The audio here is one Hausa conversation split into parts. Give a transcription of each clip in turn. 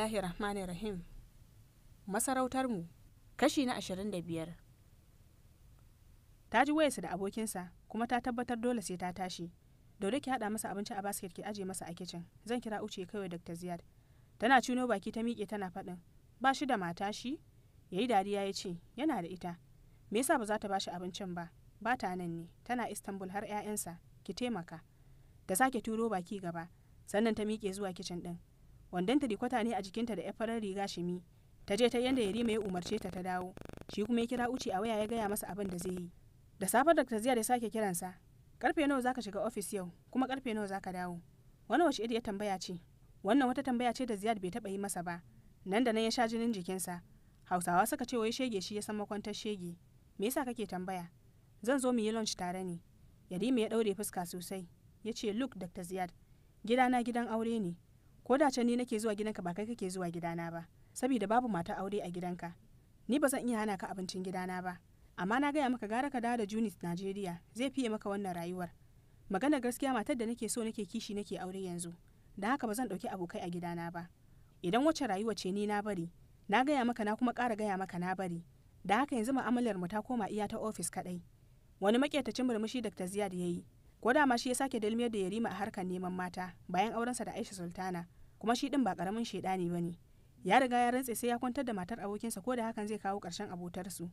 bismillahi rahmani rahim masarautar mu kashi na ashirin da biyar. ta ji wayarsa da abokinsa kuma ta tabbatar dole sai ta tashi dole ki haɗa masa abinci a basket ki aje masa a kicin zan kira uce kawai dr ziyad tana cuno baki ta miƙe tana faɗin ba shi da mata shi yayi dariya ya ce yana da ita me yasa ba za ta bashi abincin ba ba ta nan ne tana istanbul har 'ya'yansa ki taimaka ta sake turo baki gaba sannan ta miƙe zuwa kicin ɗin wandon tirikwata ne a jikinta da 'ya farar riga shimi ta je ta yanda yarima ya umarce ta ta dawo shi kuma ya kira uci a waya ya gaya masa abin da zai yi da safar da ziya ya sake kiransa karfe nawa zaka shiga ofis yau kuma karfe nawa zaka dawo wani wace iri ya tambaya ce wannan wata tambaya ce da ziyad bai taba yi masa ba nan da nan ya sha jinin jikinsa hausawa suka ce wai shege shi ya san makwantar shege me yasa kake tambaya zan zo mu yi lunch tare ne yarima ya daure fuska sosai ya ce look dr ziyad gidana gidan aure ne ko da can ni nake zuwa gidanka ba kai kake zuwa gidana ba saboda babu mata aure a gidanka ni ba zan iya hana ka abincin gidana ba amma na gaya maka gara ka dawo da Junis Najeriya zai fiye maka wannan rayuwar magana gaskiya matar da nake so nake kishi nake aure yanzu da haka ba zan ɗauki abokai a gidana ba idan wacce rayuwa ce ni na bari na gaya maka na kuma ƙara gaya maka na bari da haka yanzu ma'amalar mu ta koma iya ta ofis kaɗai wani maƙetacin murmushi Dr. Ziyad ya yi ko da ma shi ya sake dalmiyar da Yarima a harkar neman mata bayan aurensa da Aisha Sultana kuma shi din ba karamin ne bane ya riga ya rantse sai ya kwantar da matar abokinsa ko da hakan zai kawo karshen abotar su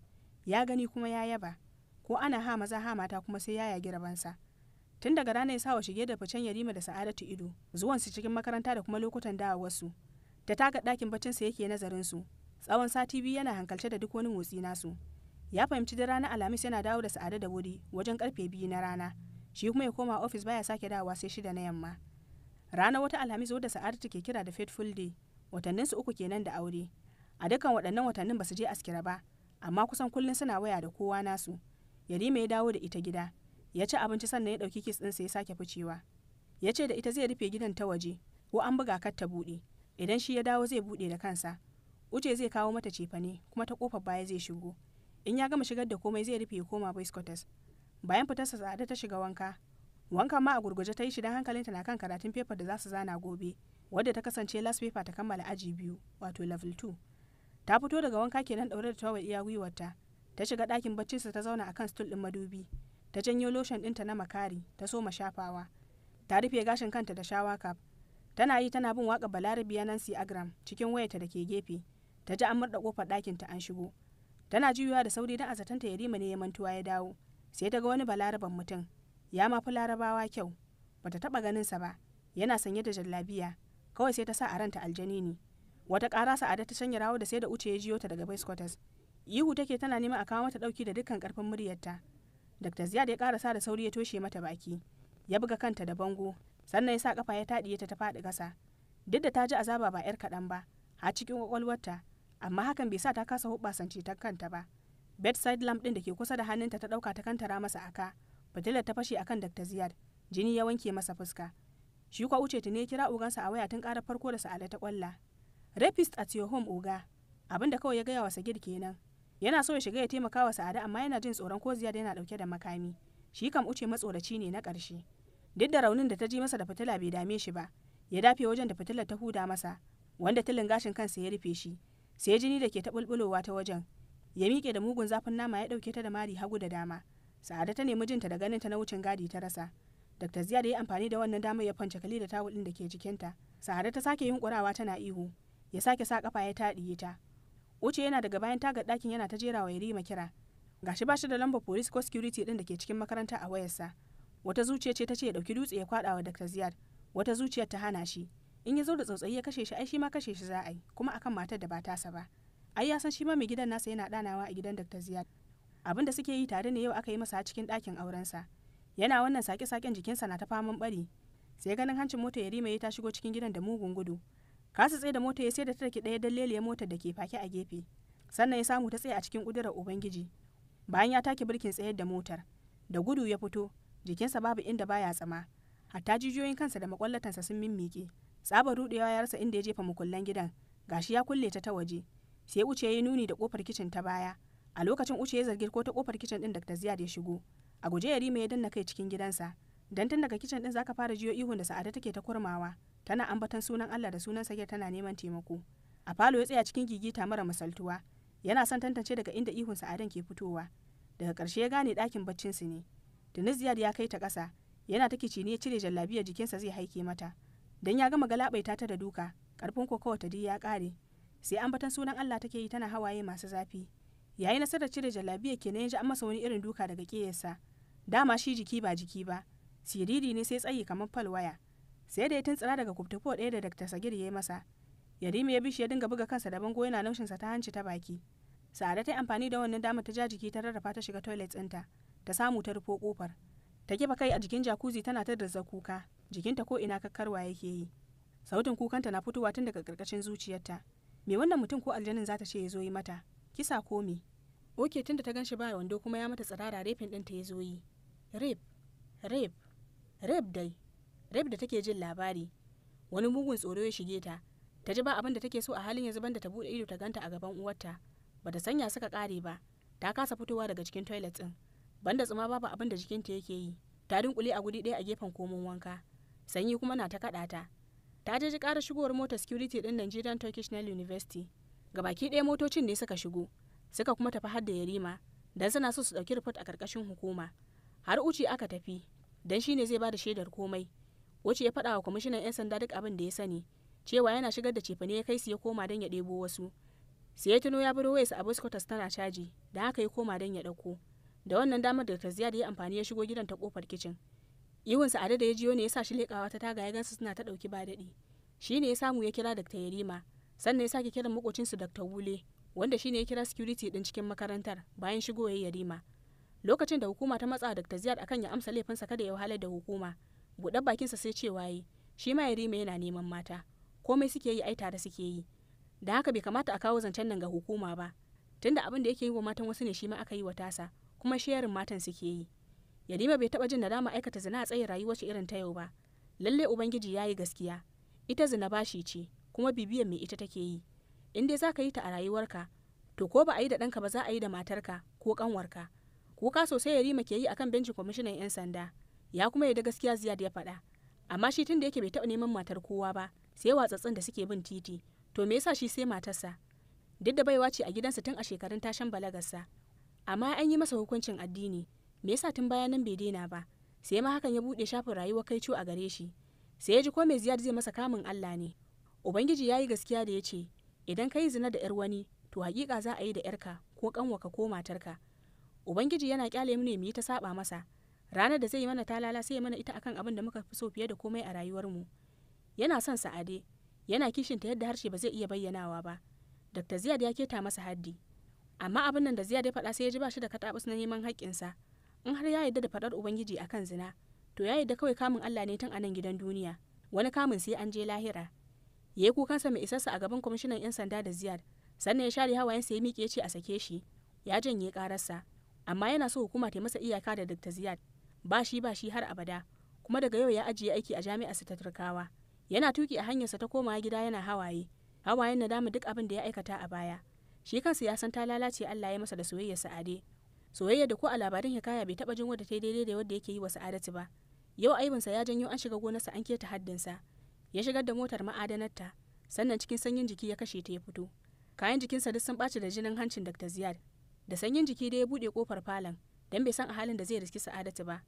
ya gani kuma ya yaba ko ana ha maza ha mata kuma sai ya yagi rabansa tun daga ranar ya sawa shige da ficen yarima da sa'adatu ido zuwan su cikin makaranta da kuma lokutan wasu. ta taga dakin baccin sa yake nazarin su tsawon sati biyu yana hankalce da duk wani motsi nasu ya fahimci da rana alhamis yana dawo da sa'ada da wuri wajen karfe biyu na rana shi kuma ya koma ofis baya sake dawowa sai shida na yamma ranar wata alhamis wadda sa'adatu ke kira da faithful day watanninsu uku kenan da aure a dukkan waɗannan watannin ba su je askira ba amma kusan kullum suna waya da kowa nasu yarima ya dawo da ita gida ya ci abinci sannan ya ɗauki kis ɗinsa ya sake ficewa ya ce da ita zai rufe gidan ta waje ko an buga kar ta buɗe idan shi ya dawo zai buɗe da kansa uce zai kawo mata cefane kuma ta kofar baya zai shigo in ya gama shigar da komai zai rufe ya koma boys bayan fitarsa sa'ada ta shiga wanka wankan ma a gurguje ta yi shi don hankalinta na kan karatun paper da za su zana gobe wadda ta kasance last paper ta kammala aji biyu wato level 2 ta fito daga wanka kenan daure da tawa iya gwiwarta ta shiga ɗakin baccinsa ta zauna akan stool ɗin madubi ta janyo lotion ɗinta na makari ta soma shafawa ta rufe gashin kanta da shawa cap tana yi tana bin waka ya nancy agram cikin wayarta da ke gefe ta ji an murda kofar ɗakin ta an shigo tana juyuwa da sauri don a ya yarima ne ya mantuwa ya dawo sai ta ga wani balaraban mutum ya mafi larabawa kyau Ba bata taɓa ganinsa ba yana sanye da jallabiya kawai sai ta sa a ranta aljani ne wata ƙara sa'ada ta shanya rawo da sai da uce ya jiyo ta daga biskotas ihu take tana neman a kawo mata ɗauki da dukkan ƙarfin muryarta dr ziyad ya sa da sauri ya toshe mata baki ya buga kanta da bango sannan ya sa ƙafa ya taɗiye ta ta faɗi ƙasa duk da ta ji azaba ba 'yar kaɗan ba a cikin ƙwaƙwalwarta amma hakan bai sa ta kasa hubbasance ta kanta ba bedside lamp ɗin da ke kusa da hannunta ta ɗauka ta kantara masa aka fitilar ta fashe akan Dr. Ziyad jini ya wanke masa fuska shi kuwa uce ta ne kira ogansa a waya tun karar farko da sa'ada ta kwalla rapist at your home oga abin da kawai ya gaya wa Sagid kenan yana so ya shiga ya taimaka wa sa'ada amma yana jin tsoron ko Ziyad yana dauke da makami shi kam uce matsoraci ne na ƙarshe duk da raunin da ta ji masa da fitila bai dame shi ba ya dafe wajen da fitilar ta huda masa wanda tilin gashin kansa ya rufe shi sai jini da ke ta bulbulowa ta wajen ya miƙe da mugun zafin nama ya ɗauke ta da mari hagu da dama sa'ada ta nemi jinta da ganinta na wucin gadi ta rasa dr ziya da ya amfani da wannan damar ya fance kali da tawul din da ke jikinta sa'ada ta sake yin yunkurawa tana ihu ya sake sa kafa ya taɗiye ta wuce yana daga bayan tagar ɗakin yana ta jera wa yarima kira gashi ba shi da lambar police ko security din da ke cikin makaranta a wayarsa wata zuciya ce ta ce ya dauki dutse ya kwada wa dr ziyad wata zuciyar ta hana shi in ya zo da tsautsayi ya kashe shi ai shi ma kashe shi za a yi kuma akan matar da ba tasa ba ai ya san shi ma mai gidan nasa yana ɗanawa a gidan dr ziyad abin da suke yi tare ne yau aka yi masa cikin ɗakin aurensa yana wannan sake-saken jikinsa na ta faman bari sai ganin hancin mota ya rima ya ta shigo cikin gidan da mugun gudu kasa tsaye da mota ya sai da take ɗaya dalleliyar motar da ke fake a gefe sannan ya samu ta tsaye a cikin ƙudurar ubangiji bayan ya take birkin tsayar da motar da gudu ya fito jikinsa babu inda baya tsama hatta jijiyoyin kansa da makwallatansa sun mimmiƙe tsabar rudewa ya rasa inda ya jefa mukullan gidan gashi ya kulle ta ta waje sai wuce ya nuni da kofar kicin ta baya a lokacin uce ya zargi ko ta kofar kicin din dr ziyad ya shigo a guje yarima ya danna kai cikin gidansa dan tun daga kicin din zaka fara jiyo ihun da sa'ada take ta kurmawa tana ambatan sunan allah da sunan sake tana neman taimako a falo ya tsaya cikin gigita mara misaltuwa yana son tantance daga inda ihun sa'adan ke fitowa daga karshe ya gane dakin baccin su ne tunis ziyad ya kai ta ƙasa yana ta kici ya cire jallabiya jikinsa zai haike mata dan ya gama galabaita ta da duka karfin kokawa ta ya kare sai ambatan sunan allah take yi tana hawaye masu zafi yayi nasarar cire jallabiya kenan ya ji an masa wani irin duka daga ƙeyarsa dama shi jiki ba jiki ba siriri ne sai tsayi kamar fal waya. sai da ya tuntsira daga kuftufo ɗaya da dakta sagir ya yi masa yarima ya bishi ya dinga buga kansa da bango yana naushinsa ta hanci ta baki sa'ada ta yi amfani da wannan damar ta ja jiki ta rarrafa ta shiga toilet ɗinta ta samu ta rufo kofar ta kifa kai a jikin jakuzi tana ta da kuka jikinta ko ina kakkarwa yake yi sautin kukanta na fitowa tun daga karkashin zuciyarta me wannan mutum ko aljanin za ta ce ya zo yi mata kisa ko me oke da ta ganshi ba wando kuma ya mata tsirara refin ɗinta ya zo yi rap rap rap dai rap da take jin labari wani mugun tsoro ya shige ta ta ji ba abin da take so a halin yanzu banda ta buɗe ido ta ganta a gaban uwarta Ba ta sanya suka kare ba ta kasa fitowa daga cikin toilet ɗin banda tsuma babu abin da jikinta yake yi ta dunkule a guri ɗaya a gefen komon wanka sanyi kuma na ta kaɗa ta ta je ji ƙara shigowar motar security ɗin Nigerian Turkish Nail University ga baki ɗaya motocin ne suka shigo suka kuma tafi har da yarima dan suna so su ɗauki report a karkashin hukuma har uci aka tafi dan shine zai ba da shaidar komai wuce ya faɗa wa kwamishinan 'yan sanda duk abin da ya sani cewa yana shigar da cefane ya kai su ya koma don ya ɗebo wasu sai ya tuno ya biro wayarsa a biskotas tana caji da haka ya koma don ya ɗauko da wannan damar da ta da ya amfani ya shigo gidan ta kofar kicin iwinsa a da ya jiyo ne ya sa shi leƙawa ta taga ya gansu suna ta ɗauki ba daɗi shi ne ya samu ya kira dakta yarima sannan ya sake kiran makocinsu dakta wule wanda shine ya kira security din cikin makarantar bayan shigo ya yarima lokacin da hukuma ta matsa dr ziyad akan ya amsa laifinsa kada ya wahalar da hukuma buɗe bakinsa sai cewa yi shi ma yarima yana neman mata komai suke yi ai tare suke yi da haka bai kamata a kawo zancen nan ga hukuma ba tunda abin da yake yi wa matan wasu ne shi ma aka yi wa tasa kuma sharing matan suke yi yarima bai taba jin nadama aikata zina a tsayin rayuwar irin ta yau ba lalle ubangiji yayi gaskiya ita zina bashi ce kuma bibiyar me ita take yi in dai za ka yi ta a rayuwarka to ko ba a yi da ɗanka ba za a yi da matarka ko ƙanwarka kuka sosai ya rima ke yi akan benci kwamishinan 'yan sanda ya kuma yarda gaskiya ziyad ya faɗa amma shi tun da yake bai taɓa neman matar kowa ba sai watsatsin da suke bin titi to me yasa shi sai matarsa duk da baiwa ce a gidansa tun a shekarun tashan balagarsa amma an yi masa hukuncin addini me yasa tun bayan nan bai daina ba sai ma hakan ya buɗe shafin rayuwar kai a gare shi sai ya ji ko mai ziyad zai masa kamun Allah ne ubangiji ya yi gaskiya da ya ce idan ka yi zina da 'yar wani to hakika za a yi da 'yarka ko kanwaka ko matarka ubangiji yana kyale mu ne mu yi ta saba masa ranar da zai yi mana talala sai ya mana ita akan abin da muka fi so fiye da komai a rayuwarmu yana son sa'ade yana kishin ta yadda harshe ba zai iya bayyanawa ba dr ziyad ya keta masa haddi amma abin nan da ziyad ya faɗa sai ya ji ba shi da katabus na neman haƙƙinsa in har ya yarda da faɗar ubangiji akan zina to ya yarda kawai kamun allah ne tun a nan gidan duniya wani kamun sai an je lahira ya yi kukansa mai isarsa a gaban kwamishinan 'yan sanda da ziyad sannan ya share hawayensa ya miƙe ce a sake shi ya janye ƙararsa amma yana so hukuma ta masa iyaka da dr ziyad ba shi ba shi har abada kuma daga yau ya ajiye aiki a jami'arsa ta turkawa yana tuki a hanyarsa ta komawa gida yana hawaye hawayen nadama duk abin da ya aikata a baya shi kansa ya san ta lalace Allah ya masa da soyayya sa'ade soyayya da ko a labarin hikaya bai taba jin wadda ta daidai da wadda yake yi wa sa'adatu ba yau aibinsa ya janyo an shiga gonarsa an keta haddinsa ya shigar da motar ma'adanarta sannan cikin sanyin jiki ya kashe ta ya fito kayan jikinsa duk sun ɓaci da jinin hancin dr ziyad da sanyin jiki da ya buɗe kofar falon don bai san a halin da zai riski sa'adatu ba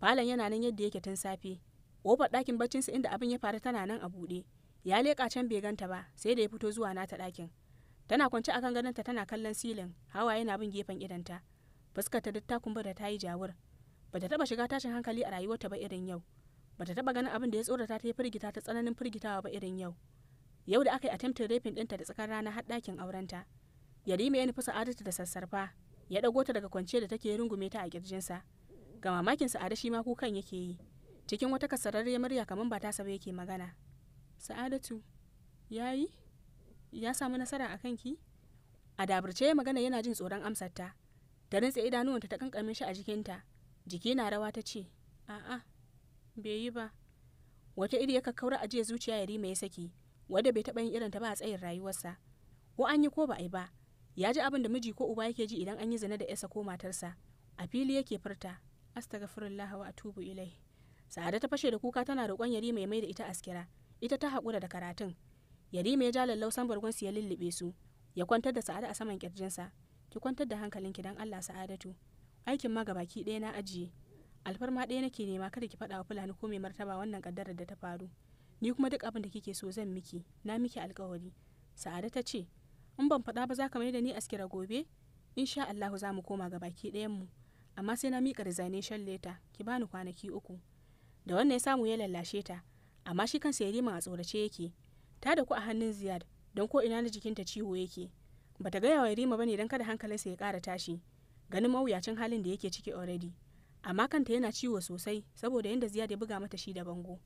falon yana nan yadda yake tun safe kofar ɗakin baccinsa inda abin ya faru tana nan a buɗe ya leƙa can bai ganta ba sai da ya fito zuwa nata ɗakin tana kwance akan gadonta tana kallon silin hawa yana bin gefen idanta fuskar ta duk ta kumbura ta yi jawur bata taba shiga tashin hankali a rayuwarta ba irin yau bata taba ganin abin da ya tsorata ta yi firgita ta tsananin firgitawa ba irin yau yau da aka yi attempt rafin ɗinta da tsakar rana har ɗakin aurenta yarima ya nufi sa'adatu da sassarfa ya ɗago ta daga kwanciyar da take rungume ta a ƙirjinsa. ga mamakin sa'ada shi ma kukan yake yi cikin wata kasararriyar murya kamar ba ta saba yake magana sa'adatu yayi ya samu nasara a kanki a dabarce ya magana yana jin tsoron amsarta. ta rintse idanuwanta ta kankame shi a jikinta jiki na rawa ta ce a'a bai yi ba wata iri ya kakkaura jiya zuciya ya rima ya saki wadda bai taɓa yin irin ta ba a tsayin rayuwarsa ko an yi ko ba a yi ba ya ji abin da miji ko uba yake ji idan an yi zina da yasa ko matarsa a fili yake furta astaghfirullah wa atubu ilai sa'ada ta fashe da kuka tana roƙon yarima ya mai da ita askira ita ta haƙura da karatun yarima ya ja lallausan su ya lullube su ya kwantar da sa'ada a saman kirjinsa ki kwantar da hankalinki dan Allah sa'adatu aikin ma gabaki ɗaya na ajiye alfarma ɗaya nake nema kada ki faɗa wa fulani ko mai martaba wannan kaddarar da ta faru ni kuma duk abin da kike so zan miki na miki alkawari sa'ada ta ce in ban faɗa ba za ka mai da ni askira gobe insha Allahu za mu koma ga baki ɗayan mu amma sai na miƙa resignation letter ki bani kwanaki uku da wannan ya samu ya lallashe ta amma shi kansa ya rima a tsorace yake ta da ku a hannun Ziyad don ko ina na jikinta ciwo yake bata gaya wa Rima bane don kada hankalinsa ya ƙara tashi ganin mawuyacin halin da yake ciki already amma kanta yana ciwo sosai saboda yadda ziyad ya buga mata shi da bango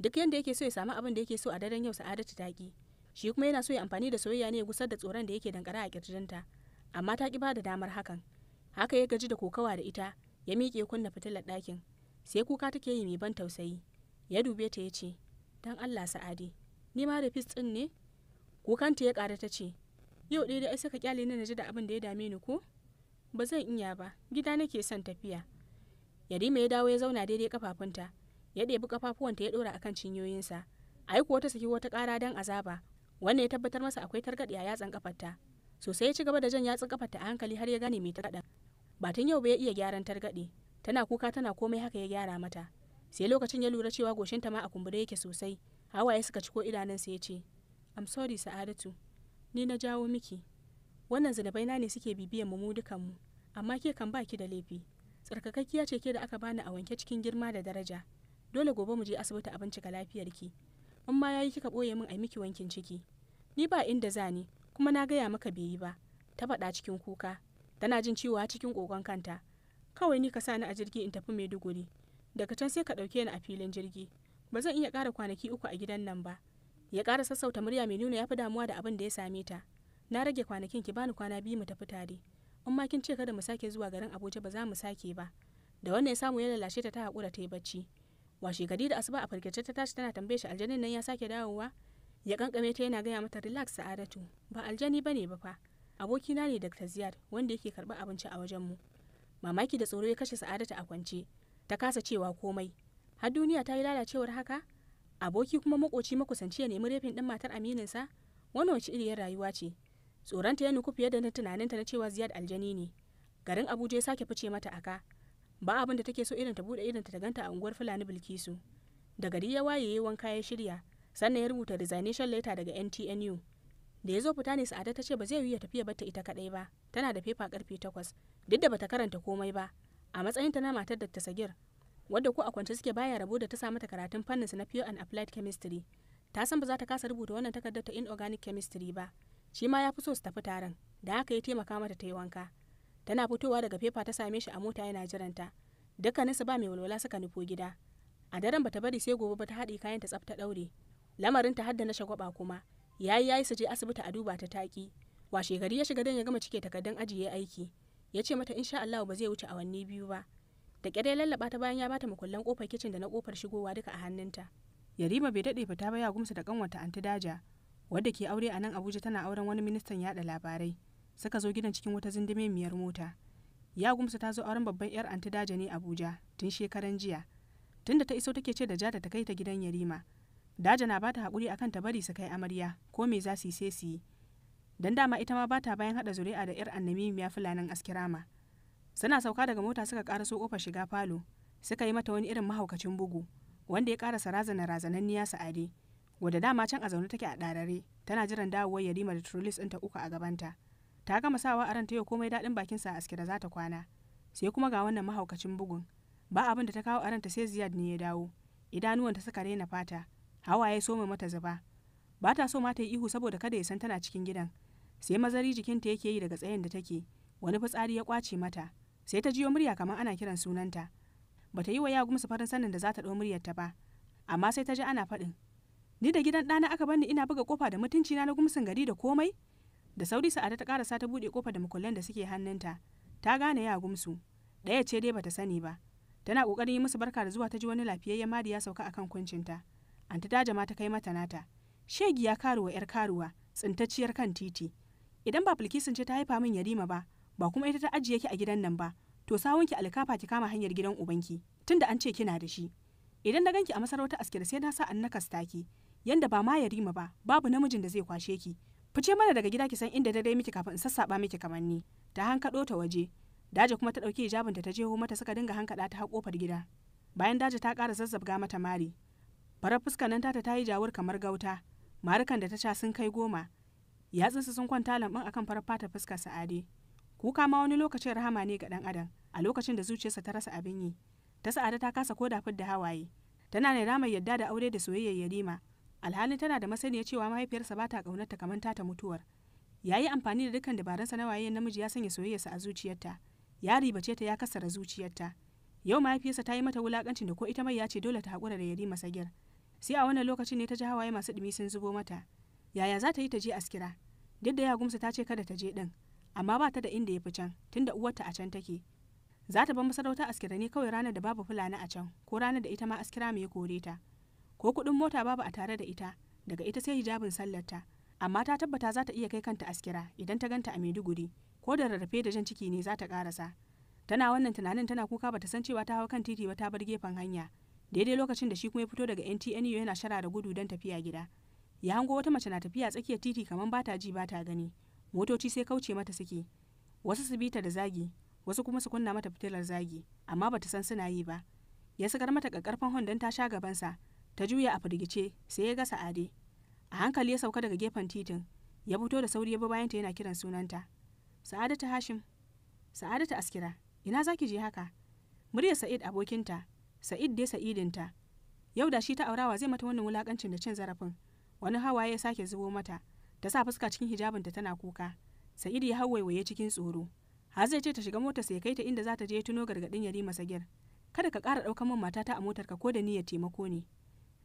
duk yadda yake so ya samu abin da yake so a daren yau sa'adatu ta ki shi kuma yana so ya amfani da soyayya ne ya gusar da tsoron da yake dankara a kirjinta amma ta ki ba da damar hakan haka ya gaji da kokawa da ita ya miƙe kunna fitilar ɗakin sai kuka take yi mai ban tausayi ya dube ta ya ce dan allah sa'adi ni ma da fis ɗin ne kukanta ya ƙara ta ce yau ɗaya da ai saka kyale na ji da abin da ya dame ni ko ba zan iya ba gida nake son tafiya yarima ya dawo ya zauna daidai kafafunta ya ɗebi kafafuwanta ya ɗora akan cinyoyinsa ai kuwa ta saki wata ƙara dan azaba wannan ya tabbatar masa akwai targaɗe a yatsan kafarta sosai ya ci gaba da jan yatsan kafarta a hankali har ya gane mai targaɗen ba tun yau ba ya iya gyaran targaɗe tana kuka tana komai haka ya gyara mata sai lokacin ya lura cewa goshinta ma a kumbure yake sosai hawaye suka ko idanunsa ya ce am sorry sa'adatu ni na jawo miki wannan na ne suke bibiyan mu mu dukanmu amma ke kan baki da laifi tsarkakakkiya ce ke da aka bani a wanke cikin girma da daraja dole gobe mu je asibiti a bincika lafiyarki in ma yayi kika boye min a miki wankin ciki ni ba inda za ni kuma na gaya maka bai yi ba ta faɗa cikin kuka tana jin ciwo cikin kogon kanta kawai ni ka sa ni a jirgi in tafi maiduguri daga can sai ka ɗauke ni a filin jirgi ba zan iya ƙara kwanaki uku a gidan nan ba ya ƙara sassauta murya mai nuna ya fi damuwa da abin da ya same ta na rage kwanakin ki bani kwana biyu mu tafi tare in ma kin ce kada mu sake zuwa garin abuja ba za mu sake ba da wannan ya samu ya lalace ta ta haƙura ta yi bacci washe gari da asuba a farkace ta tashi tana tambaye shi aljanin nan ya sake dawowa ya kankame ta yana gaya mata relax sa'adatu ba aljani bane ba fa abokina ne dr ziyad wanda yake karɓar abinci a wajen mu mamaki da tsoro ya kashe sa'adatu a kwance ta kasa cewa komai har duniya ta yi lalacewar haka aboki kuma makoci makusanci ya nemi rafin din matar aminin sa wannan wace iriyar rayuwa ce tsoronta ya nuku fiye da na tunaninta na cewa ziyad aljani ne garin abuja ya sake fice mata aka ba abin da take so irin ta bude irin ta ganta a unguwar fulani bilkisu da gari ya waye ya wanka ya shirya sannan ya rubuta resignation letter daga ntnu da ya zo fita ne sa'ada ta ce ba zai yi ya tafiya bata ita kadai ba tana da fefa karfe takwas duk da bata karanta komai ba a matsayin na matar da ta sagir wadda ko a kwance suke baya rabo da ta sa mata karatun fannin na pure and applied chemistry ta san ba za ta kasa rubuta wannan takardar ta inorganic chemistry ba shi ma ya fi so su tafi taron da haka ya taimaka mata ta yi wanka tana fitowa daga fefa ta same shi a mota yana jiranta dukkaninsu ba mai walwala suka nufo gida a daren bata bari sai gobe ba ta haɗe kayan ta tsafta ɗaure lamarin ta hadda na shagwaba kuma yayi yayi su je asibiti a duba ta taki washe gari ya shiga dan ya gama cike takardun ajiye aiki ya ce mata insha Allah ba zai wuce awanni biyu ba da ƙyar ya lallaba ta bayan ya bata mukullan kofar kicin da na kofar shigowa duka a hannunta yarima bai daɗe fita ba ya gumsa da kanwata anti daja wadda ke aure a nan abuja tana auren wani ministan yada labarai suka zo gidan cikin wata zinzime-miyar mota ya gumsa ta zo auren babban yar anti daja ne abuja tun shekaran jiya tunda ta iso take ce da jada ta kai ta gidan yarima daja na bata hakuri akan ta bari su kai amarya ko me za su yi sai su yi dan dama ita ma bata bayan hada zuri'a da yar annamimiya fulanin askirama suna sauka daga mota suka kara so kofar shiga falo suka yi mata wani irin mahaukacin bugu wanda ya kara karasa razana razananniya Ade. wadda dama can a zaune take a ɗarare tana jiran dawowar yarima da turulis ɗinta uku a gabanta ta gama sawa a ranta yau komai daɗin bakinsa a aske da za ta kwana sai kuma ga wannan mahaukacin bugun ba abin da ta kawo a ranta sai ziyad ne ya dawo idanuwanta suka daina fata hawaye so mai mata zuba ba ta so ma ta yi ihu saboda kada ya san tana cikin gidan sai mazari jikinta yake yi daga tsayin da take wani fitsari ya kwace mata sai ta jiyo murya kamar ana kiran sunanta ba ta yi wa ya gumsa farin sanin da za ta ɗau muryarta ba amma sai ta ji ana faɗin ni da gidan ɗana aka bani ina buga kofa da mutunci na gumsin gari da komai da sauri sa'ada ta karasa ta buɗe kofa da mukullan da suke hannunta ta gane ya gumsu ɗaya ce dai bata sani ba tana ƙoƙarin yi musu barka da zuwa ta ji wani lafiyayyen madi ya sauka akan kuncinta anta ta jama ta kai mata nata shegi ya karuwa yar karuwa tsintacciyar kan titi idan ba bilkisun ce ta haifa min yarima ba ba kuma ita ta ajiye ki a gidan nan ba to sawunki alkafa ki kama hanyar gidan ubanki tunda an ce kina da shi idan na ganki a masarautar askira sai na sa an nakasta ki yanda ba ma ya rima ba babu namijin da zai kwashe ki fice mana daga gida ki san inda dare miki kafin in sassaba miki kamanni ta hankaɗo ta waje daji kuma ta ɗauki hijabin ta jeho mata suka dinga hankada ta har kofar gida bayan daji ta ƙara zazzabga mata mari farar fuskar nan ta ta yi jawar kamar gauta marukan da ta sha sun kai goma yatsun su sun kwanta lambun akan farar fata fuskar sa'ade kuka ma wani lokacin rahama ne ga dan adam a lokacin da zuciyarsa ta rasa abin yi ta sa'ada ta kasa koda da hawaye tana ne ramar yadda da aure da soyayyar yarima alhalin tana da masaniya cewa mahaifiyarsa ba ta ƙaunarta kamar ta mutuwar ya yi amfani da dukkan dabarunsa na wayayen namiji ya sanya soyayyarsa a zuciyarta ya ribace ta ya kasara zuciyarta yau mahaifiyarsa ta yi mata wulakancin da ko ita mai ya ce dole ta haƙura da yari gyar sai a wannan lokacin ne ta ji hawaye masu ɗumi sun zubo mata yaya za ta yi ta je askira duk da ya gumsa ta ce kada ta je ɗin amma ba ta da inda ya fi can tunda uwarta a can take za ta bar masarauta askira ne kawai ranar da babu fulani a can ko ranar da ita ma askira mai kore ta ko kuɗin mota babu a tare da ita daga ita sai hijabin sallarta amma ta tabbata za ta iya kai kanta askira idan ta ganta a maiduguri ko da rarrafe da jan ciki ne za ta karasa tana wannan tunanin tana kuka bata san cewa ta hau kan titi ba ta bar gefen hanya daidai lokacin da shi kuma ya fito daga ntnu yana shara da gudu don tafiya gida ya hango wata mace na tafiya tsakiyar titi kamar bata ji bata gani motoci sai kauce mata suke wasu su bita da zagi wasu kuma su kunna mata fitilar zagi amma bata san suna yi ba ya sakar mata kakkarfan hon don ta sha gabansa ta juya a firgice sai ya ga sa'ade a hankali ya sauka daga gefen titin ya fito da sauri ya bi bayanta yana kiran sunanta ta hashim ta askira ina za ki je haka murya sa'id abokinta sa'id dai sa'idinta yau da shi ta aurawa zai mata wannan wulakancin da cin zarafin wani hawa ya sake zubo mata ta sa fuska cikin hijabinta tana kuka sa'id ya hau waiwaye cikin tsoro har zai ce ta shiga motarsa sai kai ta inda za ta je tuno gargadin yari masagir kada ka ƙara ɗaukar min matata a motarka ko da niyyar taimako ne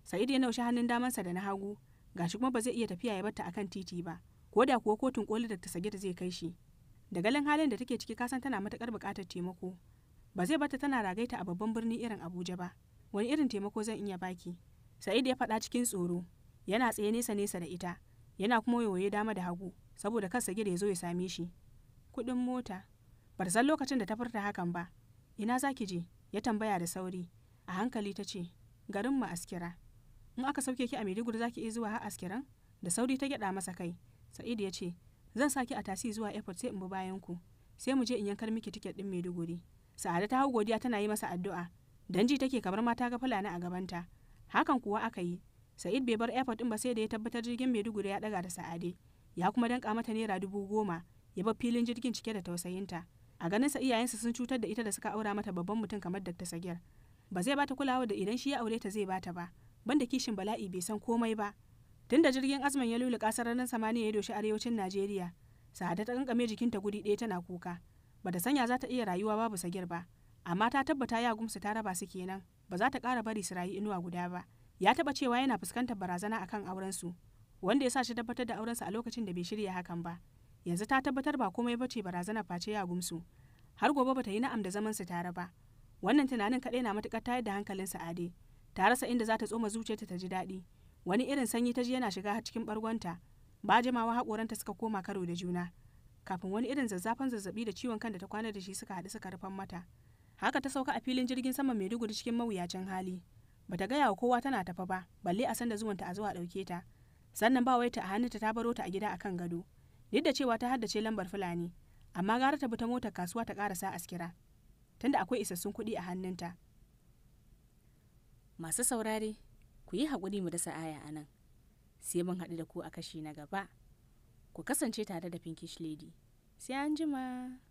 Sa'id ya naushi hannun damansa da na hagu, ga shi kuma ba zai iya tafiya ya bata akan titi ba, ko da kuwa kotun koli da ta sage zai kai shi. Da galin halin da take ciki kasan tana matakar bukatar taimako. Ba zai bata tana ragaita a babban birni irin Abuja ba. Wani irin taimako zan iya baki? Sa'id ya faɗa cikin tsoro, yana tsaye nesa nesa da ita, yana kuma yoye dama da hagu, saboda kar sage ya zo ya same shi. Kuɗin mota. Bar san lokacin da ta furta hakan ba. Ina zaki je? Ya tambaya da sauri. A hankali ta ce, garin mu askira. in aka sauke ki a maiduguri za ki iya zuwa har askiran da sauri ta gyada masa kai sa'idu ya ce zan saki a tasi zuwa airport sai in bi bayan ku sai mu je in yankar miki tiket din maiduguri sa'ada ta hau godiya tana yi masa addu'a dan ji take kamar mata ga fulani a gabanta hakan kuwa aka yi sa'id bai bar airport din ba sai da ya tabbatar jirgin maiduguri ya daga da sa'ade ya kuma danka mata naira dubu goma ya bar filin jirgin cike da tausayinta a ganin sa iyayensa sun cutar da ita da suka aura mata babban mutum kamar dr sagir ba zai bata kulawa da idan shi ya aure ta zai bata ba banda kishin bala'i bai san komai ba tunda jirgin azman ya lulluƙa sararin samaniya ya doshi arewacin najeriya sa'ada ta kankame jikinta guri ɗaya tana kuka bata sanya za ta iya rayuwa babu sagir ba amma ta tabbata ya gumsu ta raba su kenan ba za ta ƙara bari su rayu inuwa guda ba ya taɓa cewa yana fuskantar barazana akan su wanda ya sa shi tabbatar da su a lokacin da bai shirya hakan ba yanzu ta tabbatar ba komai ba ce barazana face ya gumsu har gobe bata yi na'am da zaman su tare ba wannan tunanin kaɗai na matuƙar tayar da hankalin sa'ade ta rasa inda za ta tsoma zuciyarta ta ji daɗi wani irin sanyi ta ji yana shiga har cikin bargonta ba jimawa haƙoranta suka koma karo da juna kafin wani irin zazzafan zazzabi da ciwon kan da ta kwana da shi suka haɗu suka rufan mata haka ta sauka a filin jirgin sama mai maiduguri cikin mawuyacin hali ba ta gaya wa kowa tana tafa ba balle a sanda zuwanta a zuwa ɗauke ta sannan ba waita a hannunta ta baro ta a gida akan gado duk da cewa ta haddace lambar fulani amma gara ta bi ta motar kasuwa ta ƙarasa askira tunda akwai isassun kuɗi a hannunta masu saurare ku yi haƙuri mu dasa aya a nan sai mun haɗu da ku a kashi na gaba ku kasance tare da pinkish lady sai an jima